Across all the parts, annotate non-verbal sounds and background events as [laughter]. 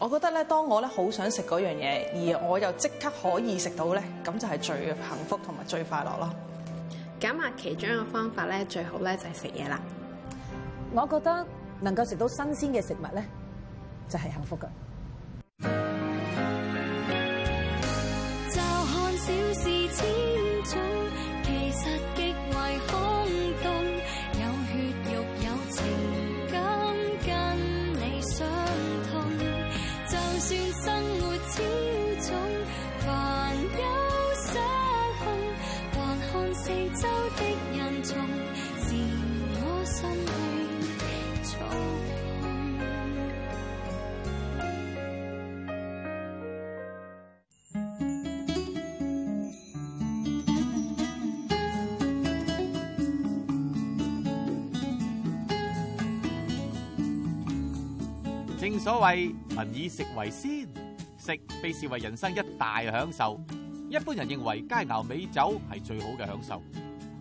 我覺得咧，當我咧好想食嗰樣嘢，而我又即刻可以食到咧，咁就係最幸福同埋最快樂咯。減壓，其中一個方法咧，最好咧就係食嘢啦。我覺得能夠食到新鮮嘅食物咧，就係幸福噶。正所謂民以食為先，食被視為人生一大享受。一般人認為佳肴美酒係最好嘅享受，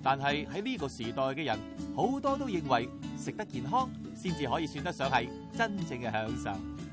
但係喺呢個時代嘅人好多都認為食得健康先至可以算得上係真正嘅享受。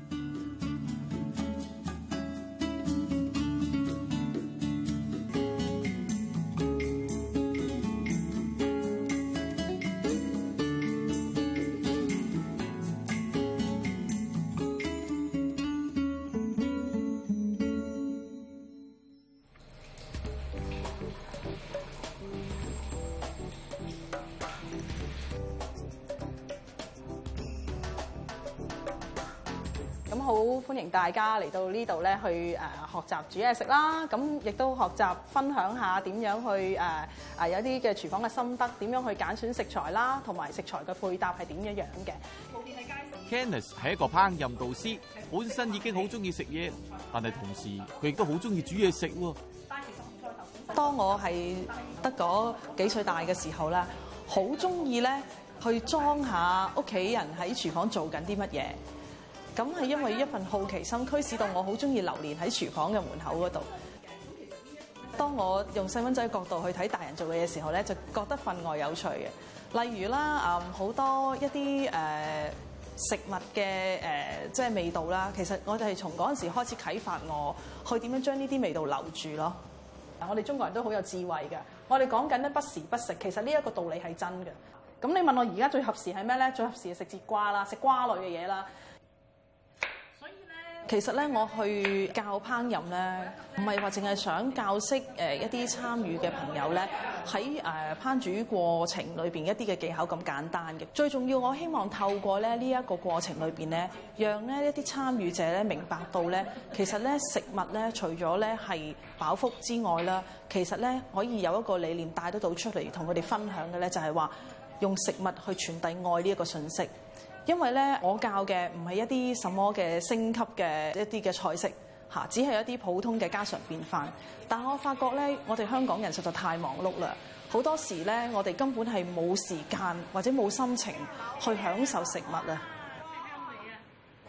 好歡迎大家嚟到呢度咧，去誒學習煮嘢食啦！咁亦都學習分享下點樣去誒誒有啲嘅廚房嘅心得，點樣去揀選食材啦，同埋食材嘅配搭係點樣樣嘅。Kenneth 係一個烹飪導師，本身已經好中意食嘢，但係同時佢亦都好中意煮嘢食喎。當我係得嗰幾歲大嘅時候咧，好中意咧去裝下屋企人喺廚房做緊啲乜嘢。咁係因為一份好奇心驅使到我，好中意流連喺廚房嘅門口嗰度。當我用細蚊仔角度去睇大人做嘅嘢時候咧，就覺得分外有趣嘅。例如啦，好多一啲、呃、食物嘅、呃、即係味道啦，其實我哋係從嗰陣時開始啟發我，去點樣將呢啲味道留住咯。我哋中國人都好有智慧嘅，我哋講緊咧不時不食，其實呢一個道理係真嘅。咁你問我而家最合時係咩咧？最合時係食節瓜啦，食瓜類嘅嘢啦。其實咧，我去教烹飪咧，唔係話淨係想教識誒一啲參與嘅朋友咧，喺誒烹煮過程裏面，一啲嘅技巧咁簡單嘅。最重要，我希望透過咧呢一個過程裏面咧，讓咧一啲參與者咧明白到咧，其實咧食物咧除咗咧係飽腹之外啦，其實咧可以有一個理念帶得到出嚟，同佢哋分享嘅咧就係話，用食物去傳遞愛呢一個信息。因為咧，我教嘅唔係一啲什麼嘅升級嘅一啲嘅菜式嚇，只係一啲普通嘅家常便飯。但我發覺咧，我哋香港人實在太忙碌啦，好多時咧，我哋根本係冇時間或者冇心情去享受食物啊。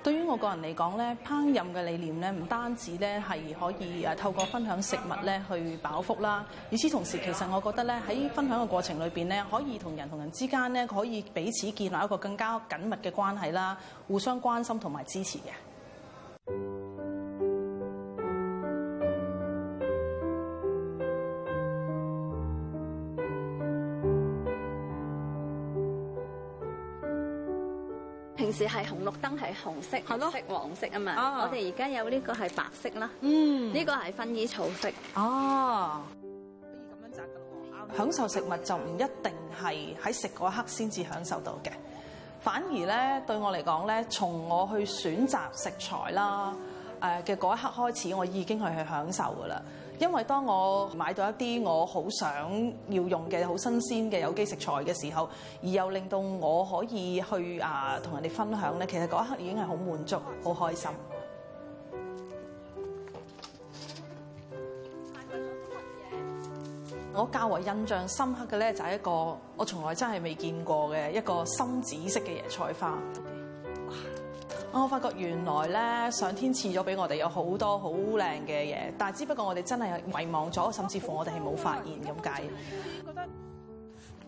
對於我個人嚟講咧，烹飪嘅理念咧，唔單止咧係可以誒透過分享食物咧去飽腹啦。與此同時，其實我覺得咧喺分享嘅過程裏面，咧，可以同人同人之間咧可以彼此建立一個更加緊密嘅關係啦，互相關心同埋支持嘅。係紅綠燈係紅色、綠色、黃色啊嘛、哦！我哋而家有呢個係白色啦，呢、嗯這個係薰衣草色。哦，可以咁樣擲噶，享受食物就唔一定係喺食嗰一刻先至享受到嘅，反而咧對我嚟講咧，從我去選擇食材啦誒嘅嗰一刻開始，我已經係去享受噶啦。因為當我買到一啲我好想要用嘅好新鮮嘅有機食材嘅時候，而又令到我可以去啊同人哋分享咧，其實嗰一刻已經係好滿足、好開心。我較為印象深刻嘅咧，就係一個我從來真係未見過嘅一個深紫色嘅椰菜花。我發覺原來咧上天賜咗俾我哋有好多好靚嘅嘢，但係只不過我哋真係遺忘咗，甚至乎我哋係冇發現咁解。覺得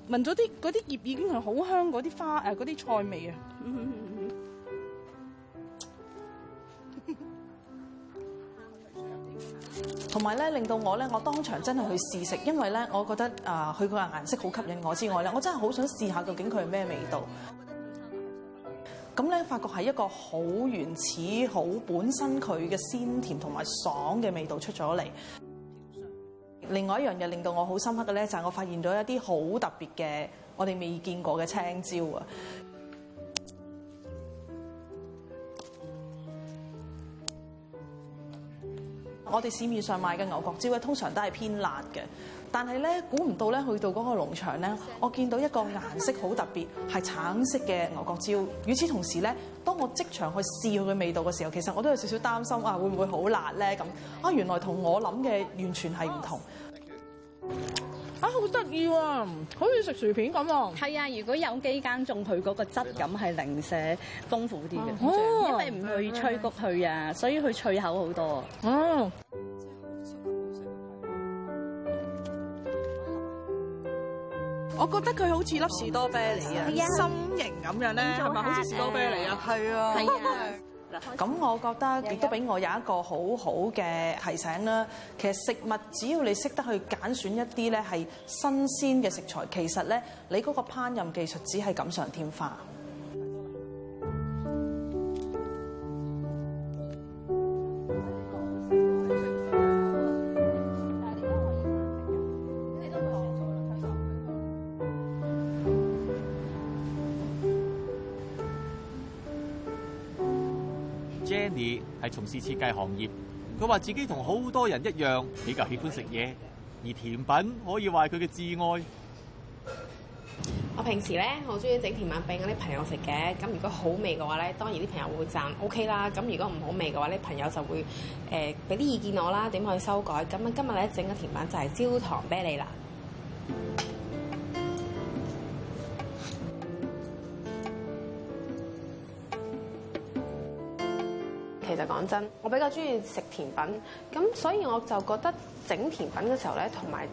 聞咗啲嗰啲葉已經係好香，嗰啲花誒，嗰啲菜味啊。同埋咧令到我咧，我當場真係去試食，因為咧我覺得啊佢個顏色好吸引我之外咧，我真係好想試下究竟佢係咩味道。咁咧，發覺係一個好原始、好本身佢嘅鮮甜同埋爽嘅味道出咗嚟。另外一樣嘢令到我好深刻嘅咧，就係我發現咗一啲好特別嘅，我哋未見過嘅青椒啊！我哋市面上賣嘅牛角椒咧，通常都係偏辣嘅。但係咧，估唔到咧，去到嗰個農場咧，我見到一個顏色好特別，係橙色嘅牛角椒。與此同時咧，當我即場去試佢嘅味道嘅時候，其實我都有少少擔心啊，會唔會好辣咧？咁啊，原來同我諗嘅完全係唔同、哦。啊，好得意喎，好似食薯片咁啊！係啊，如果有機耕種，佢嗰個質感係零舍豐富啲嘅、哦，因為唔去催谷佢啊，所以佢脆口好多。哦、嗯。我覺得佢好似粒士多啤梨啊，心形咁樣咧，係咪好似士多啤梨啊？係啊，係啊，咁 [laughs] 我覺得亦都俾我有一個好好嘅提醒啦。其實食物只要你識得去揀選一啲咧，係新鮮嘅食材，其實咧你嗰個烹飪技術只係錦上添花。設計行業，佢話自己同好多人一樣，比較喜歡食嘢，而甜品可以話係佢嘅摯愛。我平時咧好中意整甜品俾我啲朋友食嘅，咁如果好味嘅話咧，當然啲朋友會讚 OK 啦。咁如果唔好味嘅話咧，朋友就會誒俾啲意見我啦，點去修改。咁啊，今日咧整嘅甜品就係焦糖啤梨啦。講真，我比較中意食甜品，咁所以我就覺得整甜品嘅時候咧，同埋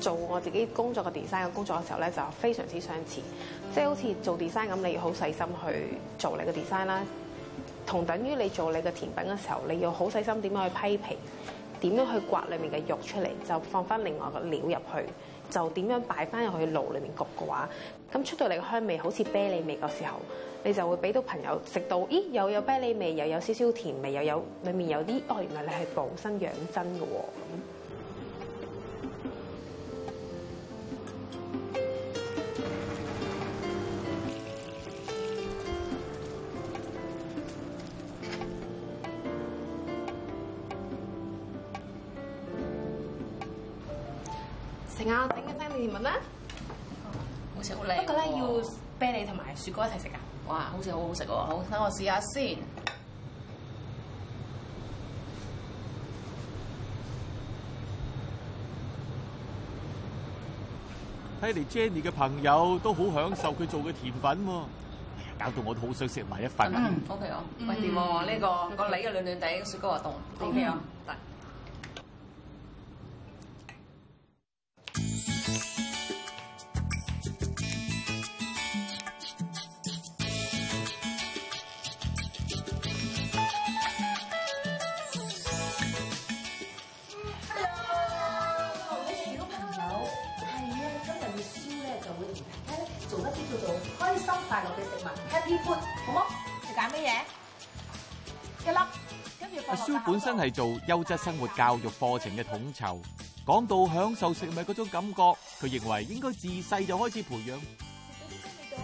做我自己工作嘅 design 嘅工作嘅時候咧，就非常之相似。即係好似做 design 咁，你要好細心去做你嘅 design 啦，同等於你做你嘅甜品嘅時候，你要好細心點樣去批皮，點樣去刮裡面嘅肉出嚟，就放翻另外嘅料入去。就點樣擺翻入去爐裡面焗嘅話，咁出到嚟嘅香味好似啤梨味嘅時候，你就會俾到朋友食到，咦，又有，有啤梨味，又有少少甜味，又有，有裡面有啲，哦，原來你係補身養真嘅喎。雪糕一齊食㗎，哇，好似好好食喎！好，等我試下先。睇嚟 Jenny 嘅朋友都好享受佢做嘅甜品喎，哦哎，搞到我都好想食埋一份。OK 啊，唔掂喎呢個，okay。這個梨又軟軟地，雪糕又凍。OK 啊，得。開心快樂嘅食物，Happy Food，好冇？要揀咩嘢？一粒。阿蕭本身係做優質生活教育課程嘅統籌，講到享受食物嗰種感覺，佢認為應該自細就開始培養。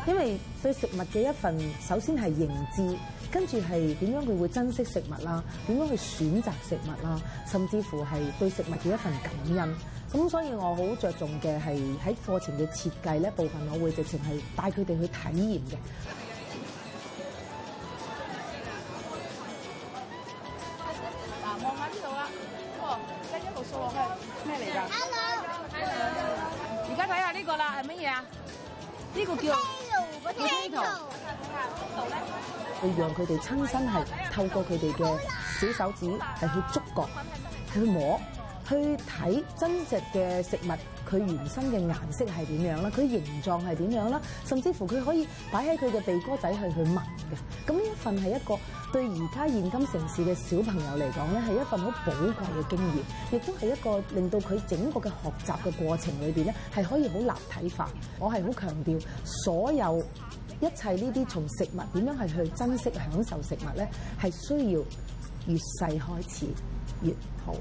因為對食物嘅一份，首先係認知，跟住係點樣佢會珍惜食物啦，點樣去選擇食物啦，甚至乎係對食物嘅一份感恩。咁所以我好着重嘅係喺課程嘅設計呢部分，我會直情係帶佢哋去體驗嘅。嗱，望下呢度啦，咁跟一路數落去，咩嚟㗎？Hello，Hello。而家睇下呢個啦，係乜嘢啊？呢、這個叫。呢度，係讓佢哋親身係透過佢哋嘅小手指係去觸覺去摸。去睇真實嘅食物，佢原生嘅顏色係點樣啦？佢形狀係點樣啦？甚至乎佢可以擺喺佢嘅鼻哥仔去去聞嘅。咁呢一份係一個對而家現今城市嘅小朋友嚟講咧，係一份好寶貴嘅經驗，亦都係一個令到佢整個嘅學習嘅過程裏邊咧，係可以好立體化。我係好強調所有一切呢啲從食物點樣係去珍惜享受食物咧，係需要越細開始越好。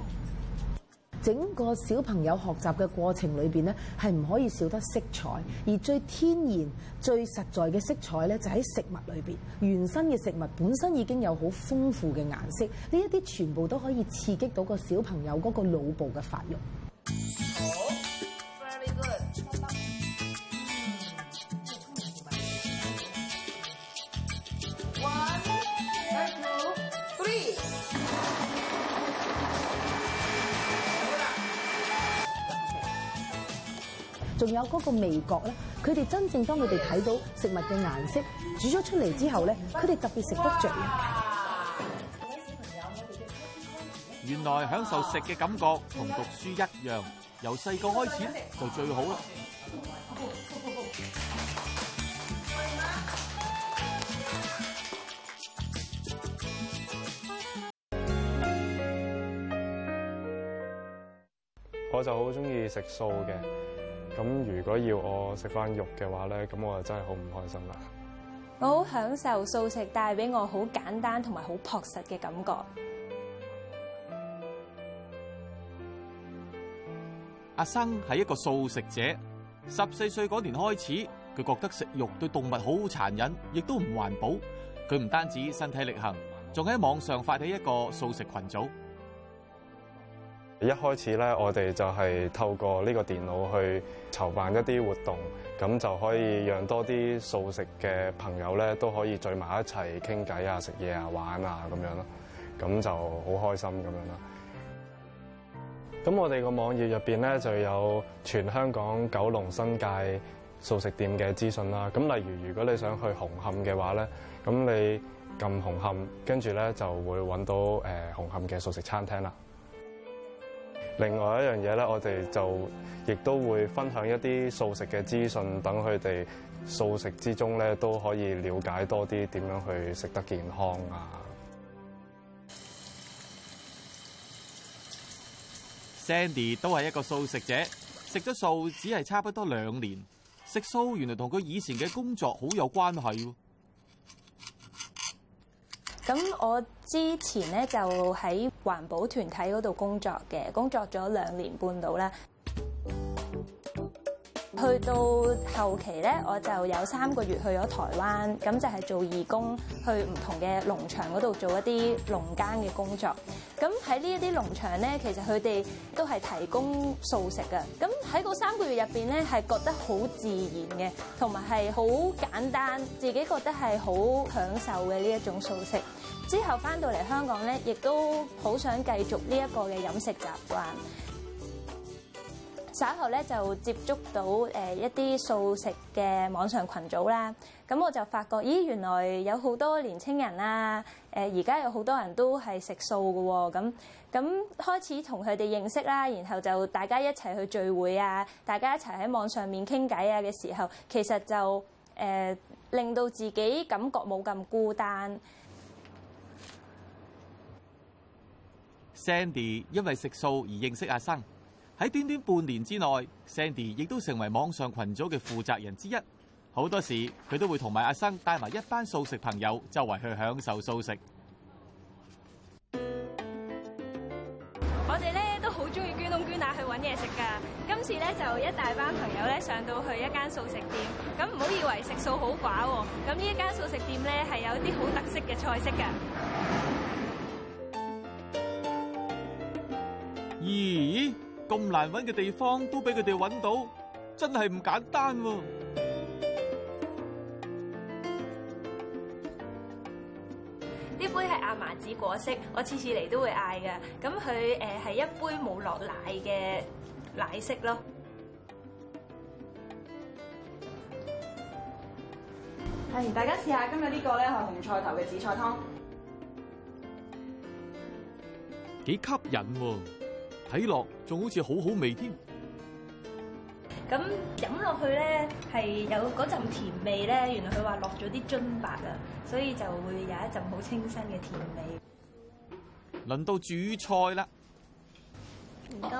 整個小朋友學習嘅過程裏面咧，係唔可以少得色彩，而最天然、最實在嘅色彩呢就喺食物裏面。原生嘅食物本身已經有好豐富嘅顏色，呢一啲全部都可以刺激到個小朋友嗰個腦部嘅發育。仲有嗰個味覺咧，佢哋真正當佢哋睇到食物嘅顏色煮咗出嚟之後咧，佢哋特別食得著。原來享受食嘅感覺同讀書一樣，由細個開始就最好啦。我就好中意食素嘅。咁如果要我食翻肉嘅話咧，咁我就真係好唔開心啦。我好享受素食帶俾我好簡單同埋好樸實嘅感覺。阿生係一個素食者，十四歲嗰年開始，佢覺得食肉對動物好殘忍，亦都唔環保。佢唔單止身體力行，仲喺網上發起一個素食群組。一開始咧，我哋就係透過呢個電腦去籌辦一啲活動，咁就可以讓多啲素食嘅朋友咧都可以聚埋一齊傾偈啊、食嘢啊、玩啊咁樣咯，咁就好開心咁樣啦。咁我哋個網頁入邊咧就有全香港九龍新界素食店嘅資訊啦。咁例如如果你想去紅磡嘅話咧，咁你撳紅磡，跟住咧就會揾到誒、呃、紅磡嘅素食餐廳啦。另外一樣嘢咧，我哋就亦都會分享一啲素食嘅資訊，等佢哋素食之中咧都可以了解多啲點樣去食得健康啊。Sandy 都係一個素食者，食咗素只係差不多兩年，食素原來同佢以前嘅工作好有關係。咁我之前咧就喺環保團體嗰度工作嘅，工作咗兩年半到呢，之後翻到嚟香港咧，亦都好想繼續呢一個嘅飲食習慣。稍後咧就接觸到誒一啲素食嘅網上群組啦。咁我就發覺，咦，原來有好多年青人啊，誒而家有好多人都係食素嘅喎。咁咁開始同佢哋認識啦，然後就大家一齊去聚會啊，大家一齊喺網上面傾偈啊嘅時候，其實就誒、呃、令到自己感覺冇咁孤單。Sandy 因為食素而認識阿生，喺短短半年之內，Sandy 亦都成為網上群組嘅負責人之一。好多時佢都會同埋阿生帶埋一班素食朋友周圍去享受素食。我哋咧都好中意捐窿捐罅去揾嘢食噶。今次咧就一大班朋友咧上到去一間素食店。咁唔好以為食素好寡喎。咁呢間素食店咧係有啲好特色嘅菜式噶。咦，咁難揾嘅地方都俾佢哋揾到，真係唔簡單喎，啊！呢杯係亞麻籽果色，我次次嚟都會嗌㗎。咁佢誒係一杯冇落奶嘅奶昔咯。係，大家試下今日呢個咧紅菜頭嘅紫菜湯，幾吸引喎，啊！睇落仲好似好好味添，咁飲落去咧係有嗰陣甜味咧，原來佢話落咗啲津白啊，所以就會有一陣好清新嘅甜味。輪到主菜啦，唔該。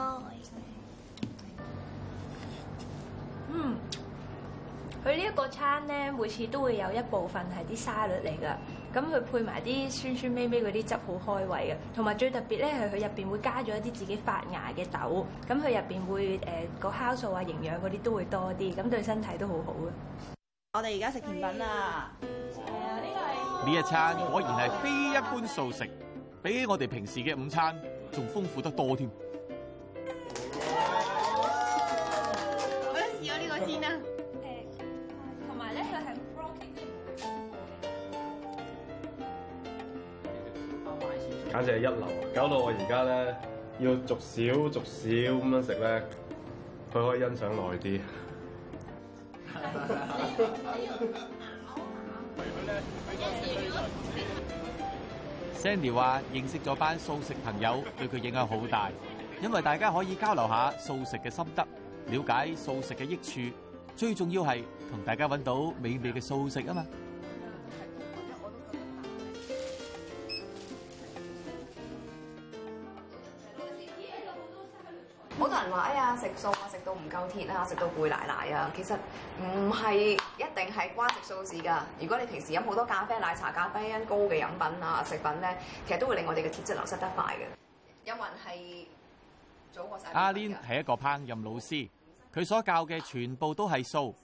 嗯，佢呢一個餐咧，每次都會有一部分係啲沙律嚟㗎。咁佢配埋啲酸酸味味啲汁好開胃嘅，同埋最特別咧係佢入邊，會加咗一啲自己發芽嘅豆，咁佢入邊會誒個、呃、酵素啊、營養啲都會多啲，咁對身體都好好啊！我哋而家食甜品啦，係、哎、啊，呢個係呢一餐果然係非一般素食，比我哋平時嘅午餐仲豐富得多添、哎。我試一試下呢、呢個先啦。簡直係一流，搞到我而家咧要逐少逐少咁樣食咧，佢可以欣賞耐啲。 [laughs] Sandy 話認識咗班素食朋友對佢影響好大，因為大家可以交流下素食嘅心得，了解素食嘅益處，最重要係同大家揾到美味嘅素食啊嘛！食素啊，食到唔夠鐵啊，食到攰奶奶啊，其實唔係一定係關食素事噶。如果你平時飲好多咖啡、奶茶、咖啡因高嘅飲品啊、食品咧，其實都會令我哋嘅鐵質流失得快嘅。有雲係早我阿 Lin 係一個烹飪老師，佢所教嘅全部都係素。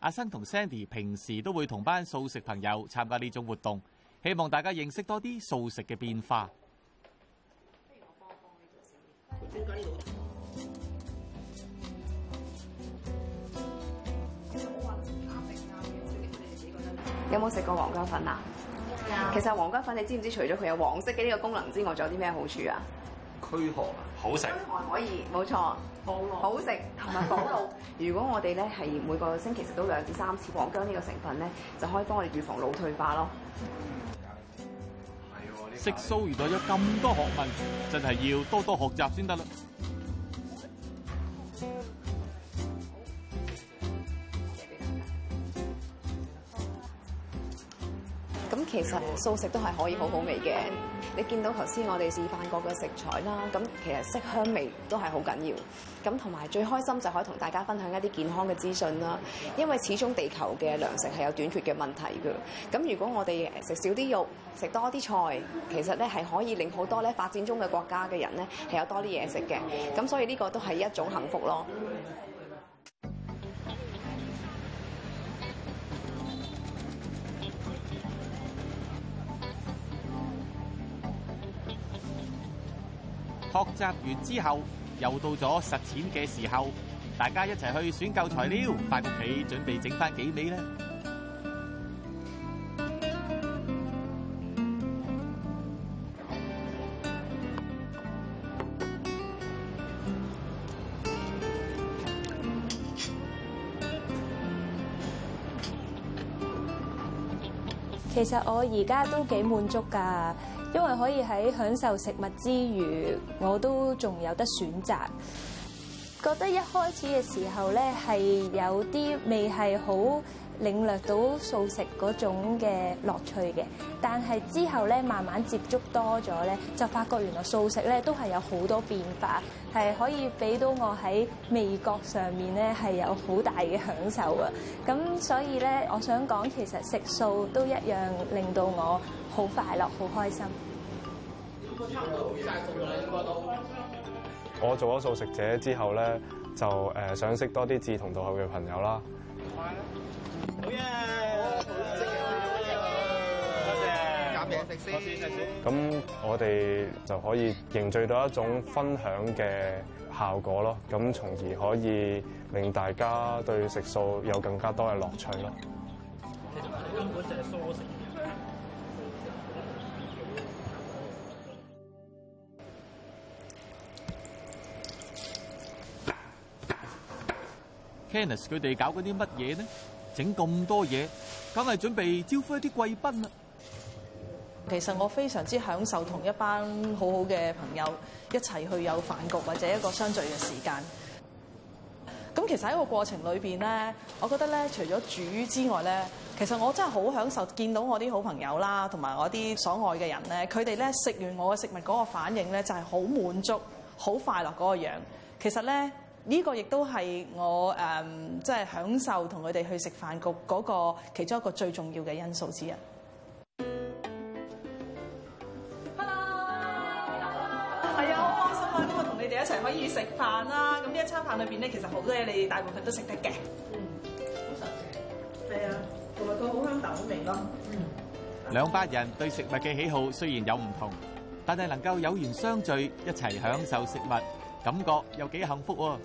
阿生同 Sandy 平時都會同班素食朋友參加呢種活動，希望大家認識多啲素食嘅變化。不如我幫幫你做有冇食過黃薑粉啊？No. 其實黃薑粉你知唔知除咗佢有黃色嘅呢個功能之外，仲有啲咩好處啊？驅寒，好食，可以，冇錯，好食同埋補腦。保老 [laughs] 如果我哋咧係每個星期食到兩至三次黃薑呢個成分咧，就可以幫我哋預防腦退化咯，哦。食素原來有咁多學問，真、就、係、是、要多多學習先得啦。其實素食都係可以好好味嘅。你見到頭先我哋示範過嘅食材啦，咁其實色香味都係好緊要。咁同埋最開心就係可以同大家分享一啲健康嘅資訊啦。因為始終地球嘅糧食係有短缺嘅問題㗎。咁如果我哋食少啲肉，食多啲菜，其實咧係可以令好多咧發展中嘅國家嘅人咧係有多啲嘢食嘅。咁所以呢個都係一種幸福咯。學習完之後，又到咗實踐嘅時候，大家一齊去選購材料，翻屋企準備整翻幾味咧。其實我而家都幾滿足㗎。因為可以喺享受食物之餘，我都仲有得選擇。覺得一開始嘅時候呢，係有啲未係好領略到素食嗰種嘅樂趣嘅，但係之後咧，慢慢接觸多咗咧，就發覺原來素食咧，都係有好多變化，係可以俾到我喺味覺上面咧，係有好大嘅享受啊！咁所以咧，我想講其實食素都一樣令到我好快樂、好開心。我做咗素食者之後咧，就誒想識多啲志同道合嘅朋友啦。好好嘢！好、啊、嘢！極、啊，多、啊、謝。揀嘢食先。咁我哋就可以凝聚到一種分享嘅效果咯。咁從而可以令大家對食素有更加多嘅樂趣咯。你做嘅根本就係素食。Kennis，佢哋搞嗰啲乜嘢咧？整咁多嘢，梗係準備招呼一啲貴賓啦。其實我非常之享受同一班好好嘅朋友一齊去有飯局或者一個相聚嘅時間。咁其實喺個過程裏邊咧，我覺得咧，除咗煮之外咧，其實我真係好享受見到我啲好朋友啦，同埋我啲所愛嘅人咧，佢哋咧食完我嘅食物嗰個反應咧，就係好滿足、好快樂嗰個樣。其實咧。呢、這個亦都係我誒，即、嗯、係享受同佢哋去食飯局嗰個其中一個最重要嘅因素之一。係啊，好開心啊！今日同你哋一齊可以食飯啦。咁呢一餐飯裏邊咧，其實好多嘢你大部分都食得嘅。嗯，好神奇。係啊，同埋個好香豆的味咯。嗯，兩班人對食物嘅喜好雖然有唔同，但係能夠有緣相聚，一齊享受食物。感覺又幾幸福喎！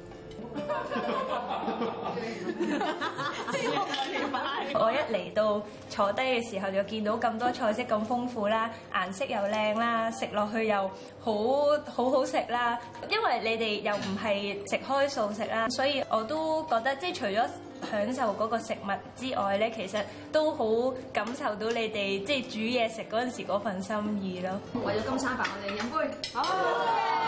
我一嚟到坐低嘅時候，就見到咁多菜式咁豐富啦，顏色又靚啦，食落去又好好好食啦。因為你哋又唔係食開素食啦，所以我都覺得即係除咗享受嗰個食物之外咧，其實都好感受到你哋即係煮嘢食嗰陣時嗰份心意咯。為咗今餐飯，我哋飲杯。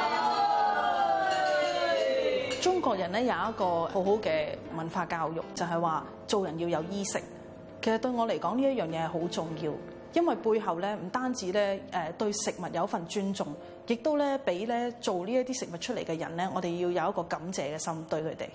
中國人咧有一個好好嘅文化教育，就係話做人要有衣食。其實對我嚟講呢一樣嘢係好重要，因為背後咧唔單止咧誒對食物有一份尊重，亦都咧俾咧做呢一啲食物出嚟嘅人咧，我哋要有一個感謝嘅心對佢哋。